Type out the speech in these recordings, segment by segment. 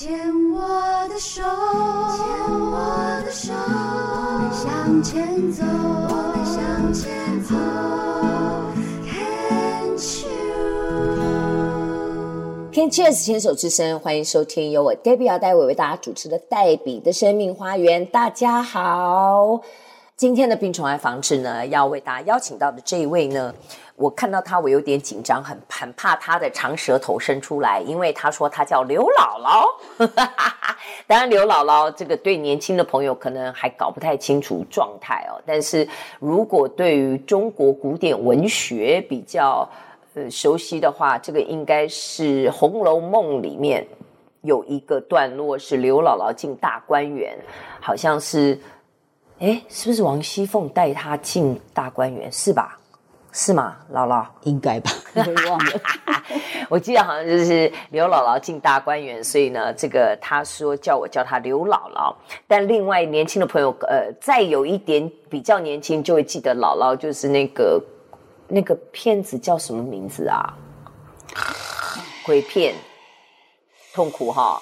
牽我的手，牽我的手，我們向前走，我們向前走。看 Can you？Can you？牽手之聲，歡迎收聽由我 Debbie 姚代偉為大家主持的《黛比的生命花園》。大家好，今天的病蟲害防治呢，要為大家邀請到的這一位呢。我看到他，我有點緊張，很很怕他的長舌頭伸出來，因為他說他叫劉姥姥。 當然，劉姥姥這個對年輕的朋友可能還搞不太清楚狀態哦。但是如果對於中國古典文學比較呃熟悉的話，這個應該是《紅樓夢》裡面有一個段落是劉姥姥進大觀園，好像是，誒，是不是王熙鳳帶她進大觀園是吧？是嗎，姥姥？應該吧。我忘了，我記得好像就是劉姥姥進大觀園，所以呢，這個她說叫我叫她劉姥姥，但另外年輕的朋友，呃，再有一點比較年輕，就會記得姥姥就是那個那個片子叫什麼名字啊？鬼片，痛苦哈。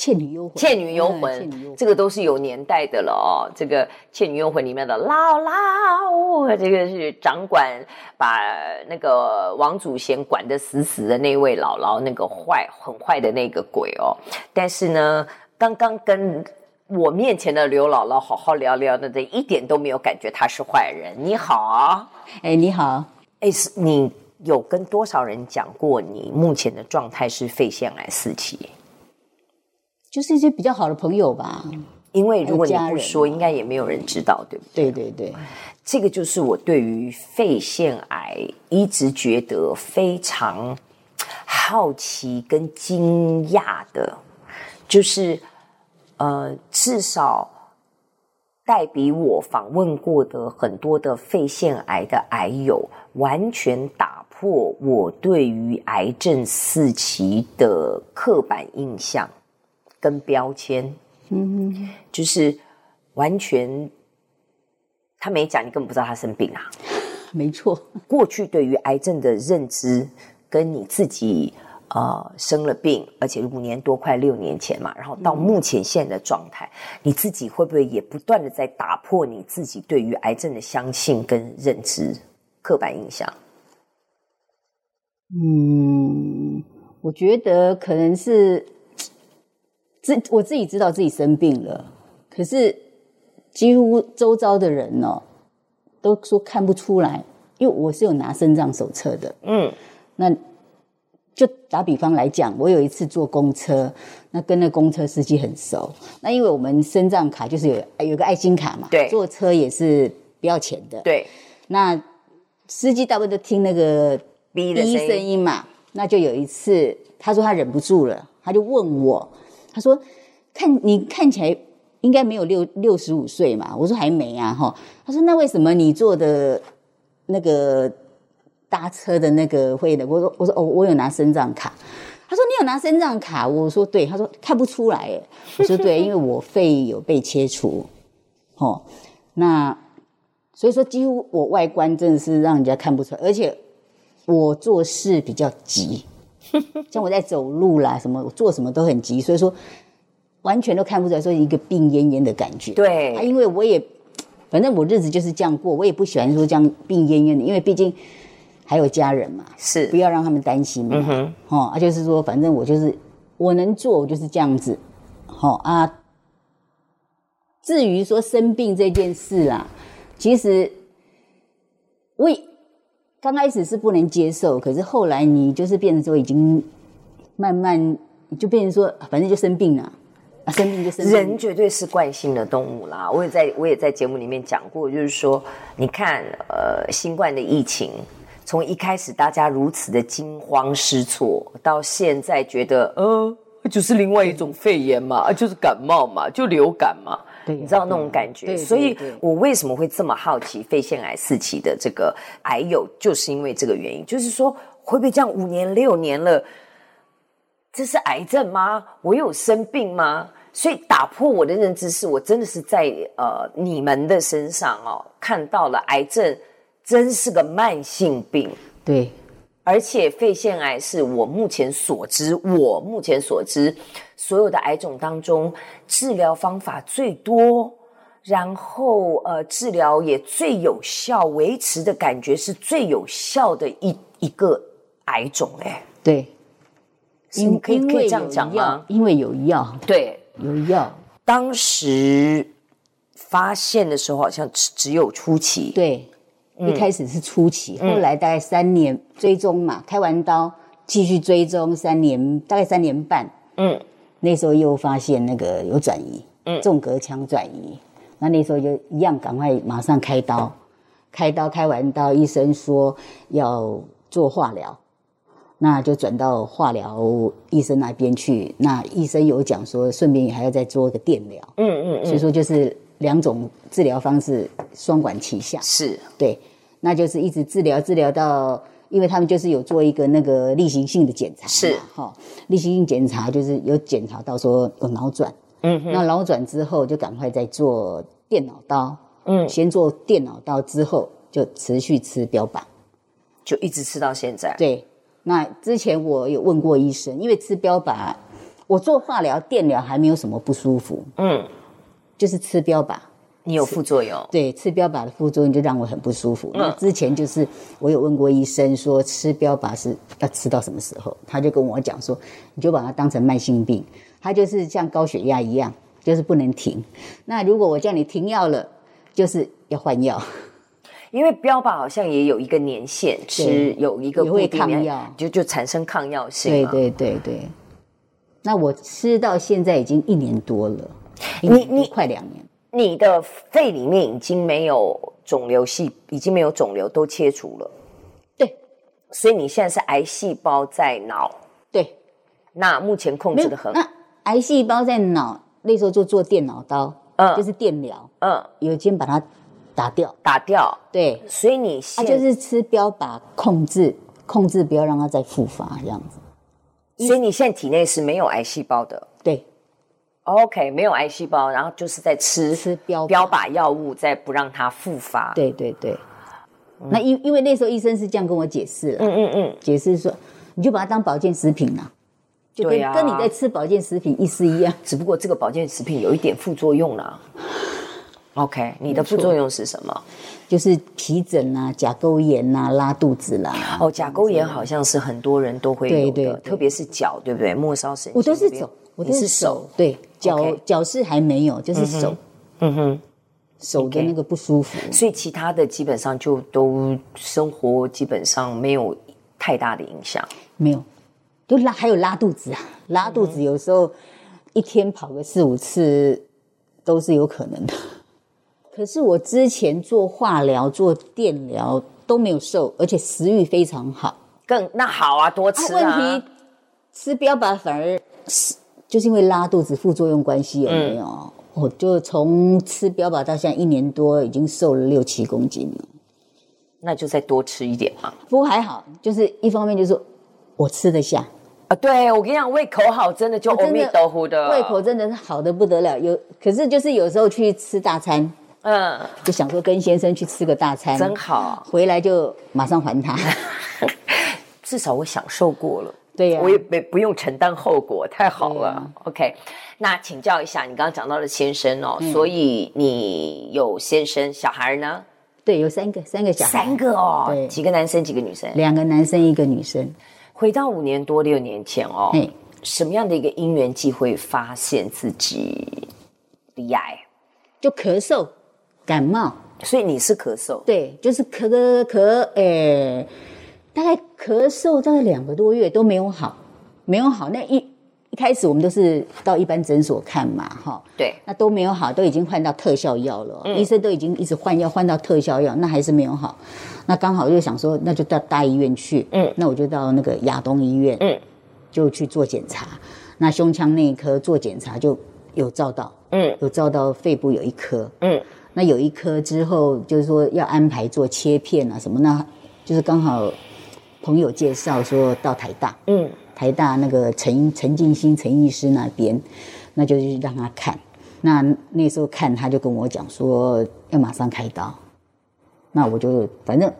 《倩女幽魂》，《倩女幽魂》，嗯，這個都是有年代的了哦。這個《倩女幽魂》裡面的姥姥，這個是掌管把那個王祖賢管得死死的那位姥姥，那個壞、很壞的那個鬼哦。但是呢，剛剛跟我面前的劉姥姥好好聊聊的，那一點都沒有感覺她是壞人。你好、啊，哎，你好，是、欸，你有跟多少人講過你目前的狀態是肺腺癌四期？就是一些比較好的朋友吧，因為如果你不說，應該也沒有人知道，對不對？對對對，這個就是我對於肺腺癌一直覺得非常好奇跟驚訝的，就是呃，至少黛比我訪問過的很多的肺腺癌的癌友，完全打破我對於癌症四期的刻板印象。跟標籤，嗯，就是完全他沒講，你根本不知道他生病啊。沒錯，過去對於癌症的認知，跟你自己呃生了病，而且五年多快六年前嘛，然後到目前現在的狀態，你自己會不會也不斷的在打破你自己對於癌症的相信跟認知、刻板印象？嗯，我覺得可能是。自我自己知道自己生病了，可是幾乎周遭的人呢、哦，都說看不出來，因為我是有拿身障手冊的。嗯，那就打比方來講，我有一次坐公車，那跟那公車司機很熟，那因為我們身障卡就是有有個愛心卡嘛，對，坐車也是不要錢的，對。那司機大部分都聽那個嗶的聲音嘛，那就有一次，他說他忍不住了，他就問我。他說：“看你看起來應該沒有六六十五歲嘛？”我說：“還沒啊，哈、哦。”他說：“那為什麼你坐的那個搭車的那個會的？”我說：“我說哦，我有拿身障卡。”他說：“你有拿身障卡？”我說：“對。”他說：“看不出來，我說對，因為我肺有被切除，吼、哦。那所以說幾乎我外觀真的是讓人家看不出來，而且我做事比較急。” 像我在走路啦，什麼我做什麼都很急，所以說完全都看不出來，說一個病懨懨的感覺。對，啊、因為我也反正我日子就是這樣過，我也不喜歡說這樣病懨懨的，因為畢竟還有家人嘛，是不要讓他們擔心嘛。嗯、哼哦，啊、就是說反正我就是我能做，我就是這樣子。好、哦、啊，至於說生病這件事啦、啊，其實為。剛開始是不能接受，可是後來你就是變成說已經慢慢就變成說，反正就生病了，啊，生病就生病了。人絕對是慣性的動物啦，我也在我也在節目裡面講過，就是說你看，呃，新冠的疫情從一開始大家如此的驚慌失措，到現在覺得，呃，就是另外一種肺炎嘛，啊，就是感冒嘛，就流感嘛。你知道那種感覺，對啊、對啊、對對對。所以我為什麼會這麼好奇肺腺癌四期的這個癌友，就是因為這個原因。就是說，會不會這樣五年六年了，這是癌症嗎？我有生病嗎？所以打破我的認知是，我真的是在呃你們的身上哦看到了癌症，真是個慢性病。對。而且肺腺癌是我目前所知，我目前所知所有的癌種當中，治療方法最多，然後呃治療也最有效，維持的感覺是最有效的一一個癌種嘞、欸。對，所以你可以因，因為這樣講嗎？因為有藥，有對，有藥。當時發現的時候好像只只有初期，對。嗯、一開始是初期，後來大概三年追蹤嘛，嗯、開完刀繼續追蹤三年，大概三年半。嗯，那時候又發現那個有轉移，嗯、縱隔腔轉移。那那時候就一樣，趕快馬上開刀。開刀開完刀，醫生說要做化療，那就轉到化療醫生那邊去。那醫生有講說，順便你還要再做一個電療、嗯。嗯嗯。所以說就是兩種治療方式，雙管齊下。是，對。那就是一直治療，治療到，因為他們就是有做一個那個例行性的檢查，是哈，例行性檢查就是有檢查到說有腦轉，嗯哼，那腦轉之後就趕快再做電腦刀，嗯，先做電腦刀之後就持續吃標靶，就一直吃到現在。對，那之前我有問過醫生，因為吃標靶，我做化療、電療還沒有什麼不舒服，嗯，就是吃標靶。你有副作用？對，吃標靶的副作用就讓我很不舒服。嗯、那之前就是我有問過醫生說吃標靶是要吃到什麼時候，他就跟我講說，你就把它當成慢性病，它就是像高血壓一樣，就是不能停。那如果我叫你停藥了，就是要換藥，因為標靶好像也有一個年限，吃對有一個有會抗藥，就就產生抗藥性。對對對對，那我吃到現在已經一年多了，你、哎、你、你快兩年。你的肺裡面已經沒有腫瘤細，已經沒有腫瘤，都切除了。對，所以你現在是癌細胞在腦。對，那目前控制的很好。那癌細胞在腦，那時候就做電腦刀，嗯，就是電療，嗯，有先把它打掉，打掉。對，所以你現在、啊、就是吃標靶控制，控制不要讓它再復發這樣子。所以你現在體內是沒有癌細胞的。嗯、對。OK，沒有癌細胞，然後就是在吃是標標靶藥物，在物再不讓它復發。對對對，嗯、那因為因為那時候醫生是這樣跟我解釋了，嗯嗯嗯，解釋說，你就把它當保健食品啦，跟對跟、啊、跟你在吃保健食品意思一樣，只不過這個保健食品有一點副作用啦 OK，沒錯，你的副作用是什麼？就是皮疹啊、甲溝炎啊、拉肚子啦。哦，甲溝炎好像是很多人都會有的，對對對，特別是腳，對不對？末梢神經，我都是走。我的是手，是手對腳 Okay. 腳是還沒有，就是手，嗯哼、mm，hmm. mm hmm. 手的那個不舒服，okay. 所以其他的基本上就都生活基本上沒有太大的影響，沒有，就拉還有拉肚子啊，拉肚子有時候一天跑個四五次都是有可能的。可是我之前做化療、做電療都沒有瘦，而且食欲非常好，更那好啊，多吃、啊啊問題，吃標靶反而。就是因為拉肚子副作用關係有沒有？嗯、我就從吃標靶到現在一年多，已經瘦了六七公斤了。那就再多吃一點嘛、啊。不過還好，就是一方面就是我吃得下啊。對，我跟你講，胃口好真的就豆腐的，我的胃口真的是好得不得了。有可是就是有時候去吃大餐，嗯，就想說跟先生去吃個大餐，真好、啊。回來就馬上還他， 至少我享受過了。對啊、我也不不用承擔後果，太好了。嗯啊、OK，那請教一下，你剛剛講到的先生哦，嗯、所以你有先生小孩呢？對，有三個，三個小，孩，三個哦，對，幾個男生，幾個女生？兩個男生，一個女生。回到五年多六年前哦，哎嘿，什麼樣的一個因緣際會發現自己得癌？就咳嗽、感冒，所以你是咳嗽？對，就是咳咳咳，哎、呃。大概咳嗽大概兩個多月都沒有好，沒有好，那一一開始我們都是到一般診所看嘛，哈，對，那都沒有好，都已經換到特效藥了，嗯，醫生都已經一直換藥換到特效藥，那還是沒有好，那剛好又想說那就到大醫院去，嗯，那我就到那個亞東醫院，嗯，就去做檢查，那胸腔那一科做檢查就有照到，嗯，有照到肺部有一顆，嗯，那有一顆之後就是說要安排做切片啊什麼那，就是剛好。朋友介紹說到台大，嗯，台大那個陳陳進新陳醫師那邊，那就是讓他看。那那時候看，他就跟我講說要馬上開刀。那我就反正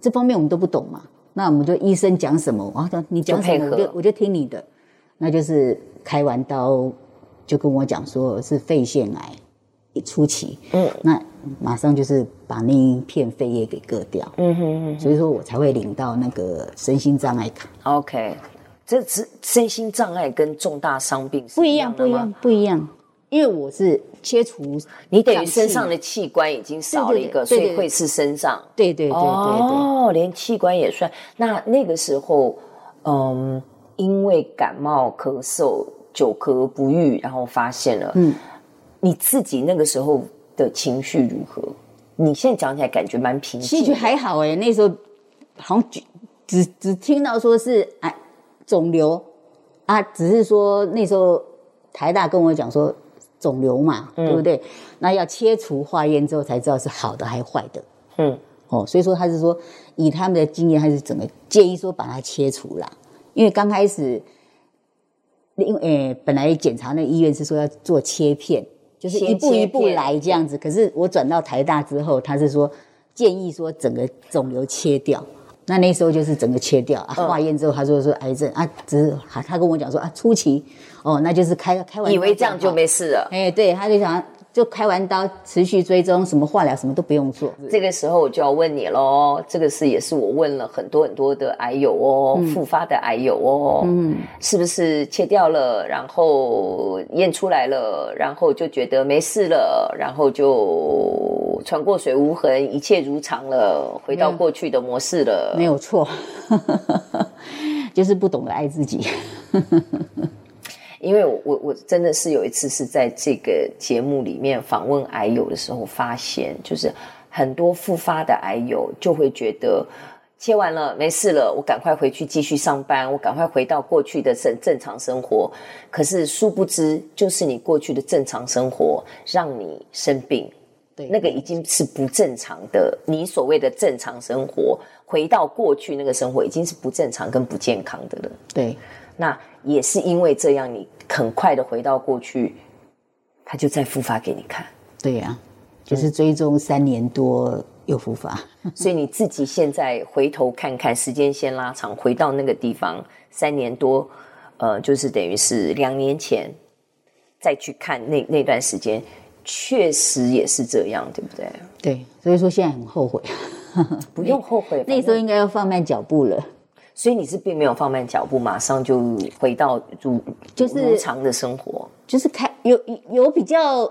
這方面我們都不懂嘛，那我們就醫生講什麼，我、啊、說你講什麼配合，我就我就聽你的。那就是開完刀就跟我講說，是肺腺癌一初期，嗯，那。馬上就是把那一片肺葉給割掉，嗯哼,嗯哼，所以說我才會領到那個身心障礙卡。OK，這只身心障礙跟重大傷病是不一樣的嗎？不一樣，不一樣，不一樣。因為我是切除你，你等於身上的器官已經少了一個，對對對對對所以會是身上。對對對對，哦，連器官也算。那那個時候，嗯，因為感冒咳嗽，久咳不癒，然後發現了，嗯，你自己那個時候。的情緒如何？你現在講起來感覺蠻平靜，其實還好哎、欸。那時候好像只只聽到說是哎、啊、腫瘤啊，只是說那時候台大跟我講說腫瘤嘛，嗯、對不對？那要切除化驗之後才知道是好的還是壞的。嗯，哦，所以說他是說以他們的經驗，他是整個建議說把它切除了，因為剛開始因為、呃、本來檢查那個醫院是說要做切片。就是一步一步來這樣子，可是我轉到台大之後，他是說建議說整個腫瘤切掉，那那時候就是整個切掉，啊、化驗之後他說說癌症，啊，只是他他跟我講說啊初期，哦，那就是開開完以為這樣就沒事了，哎、欸，對，他就想。就開完刀，持續追蹤，什麼化療什麼都不用做。這個時候我就要問你嘍，這個事也是我問了很多很多的癌友哦，嗯、復發的癌友哦，嗯，是不是切掉了，然後驗出來了，然後就覺得沒事了，然後就穿過水無痕，一切如常了，回到過去的模式了，沒有，沒有錯， 就是不懂得愛自己。 因為我我真的是有一次是在這個節目裡面訪問癌友的時候，發現就是很多複發的癌友就會覺得切完了沒事了，我趕快回去繼續上班，我趕快回到過去的正正常生活。可是殊不知，就是你過去的正常生活讓你生病。對，那個已經是不正常的。你所謂的正常生活，回到過去那個生活已經是不正常跟不健康的了。對，那。也是因為這樣，你很快的回到過去，他就再復發給你看。對呀，就是追蹤三年多又復發， 所以你自己現在回頭看看，時間線拉長，回到那個地方三年多，呃，就是等於是兩年前再去看那那段時間，確實也是這樣，對不對？對，所以說現在很後悔， 不用後悔，那時候應該要放慢腳步了。所以你是並沒有放慢腳步，馬上就回到就就是日常的生活，就是開有有比較，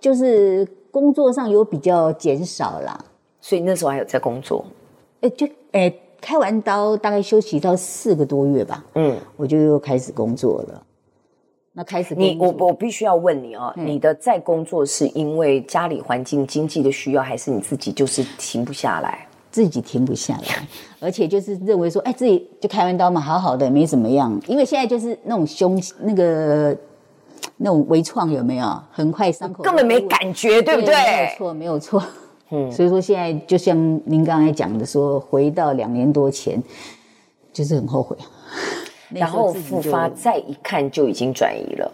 就是工作上有比較減少啦，所以那時候還有在工作？哎、欸、就哎、欸、開完刀大概休息到四個多月吧，嗯，我就又開始工作了。那開始工作你我我必須要問你哦、啊，嗯、你的在工作是因為家裡環境經濟的需要，還是你自己就是停不下來？自己停不下來，而且就是認為說，哎，自己就開完刀嘛，好好的，沒怎麼樣。因為現在就是那種胸那個那種微創有沒有？很快傷口根本沒感覺，對不對？對，沒有錯，沒有錯。嗯，所以說現在就像您剛才講的說，回到兩年多前，就是很後悔， 然後復發再一看就已經轉移了。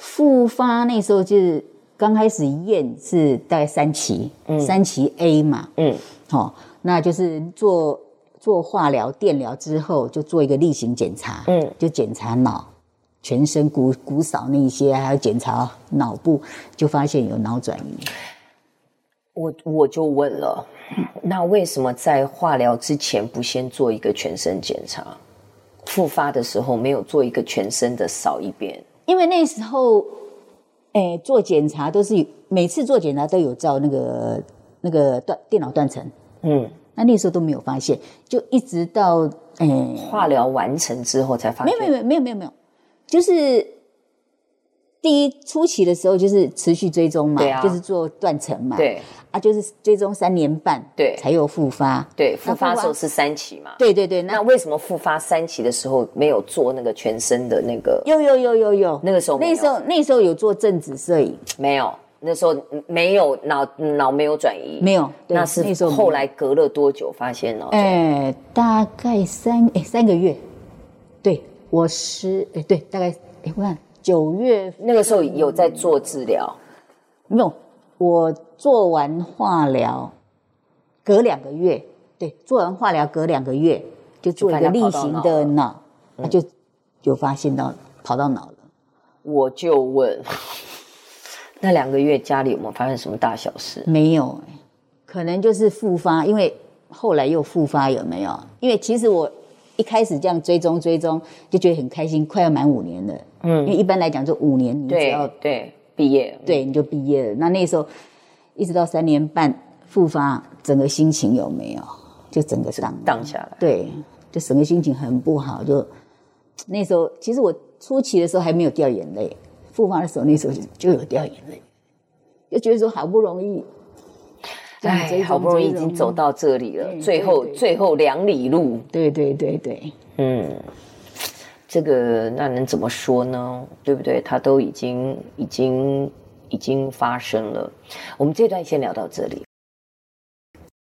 復發那時候就是。剛開始驗是大概三期，嗯、三期 A 嘛，嗯，好，那就是做做化療、電療之後，就做一個例行檢查，嗯，就檢查腦、全身骨骨掃那些，還要檢查腦部，就發現有腦轉移。我我就問了，那為什麼在化療之前不先做一個全身檢查？復發的時候沒有做一個全身的掃一遍？因為那時候。哎、欸，做檢查都是每次做檢查都有照那個那個斷電腦斷層，嗯，那那時候都沒有發現，就一直到嗯、欸、化療完成之後才發現。沒有沒有沒有沒有沒有，就是。第一初期的時候就是持續追蹤嘛，對啊、就是做斷層嘛，對啊，就是追蹤三年半，才有復發，對對，復發的時候是三期嘛，對對對。那，那為什麼復發三期的時候沒有做那個全身的那個？有有有有有，那個時候那時候那時候有做正子攝影沒有？那時候沒有，腦腦沒有轉移，沒有，那是後來隔了多久發現了？哎、呃，大概三哎三個月，對我是哎對，大概一萬。九月那個時候有在做治療？沒有。我做完化療，隔兩個月，對，做完化療隔兩個月就做一個例行的腦，就就發現到跑到腦了。我就問，那兩個月家裡有沒有發生什麼大小事？沒有，可能就是復發，因為後來又復發有沒有？因為其實我。一開始這樣追蹤追蹤，就覺得很開心，快要滿五年了。嗯，因為一般來講，就五年你只要對，對畢業了，對你就畢業了。嗯。那那時候，一直到三年半復發，整個心情有沒有？就整個蕩蕩下來。對，就整個心情很不好。就那時候，其實我初期的時候還沒有掉眼淚，復發的時候那時候就，就有掉眼淚，就覺得說好不容易。對，唉種好不容易種已經走到這裡了，對最後最後兩里路，對對對對，對對對對嗯，這個那能怎麼說呢？對不對？它都已經已經已經發生了，我們這段先聊到這裡。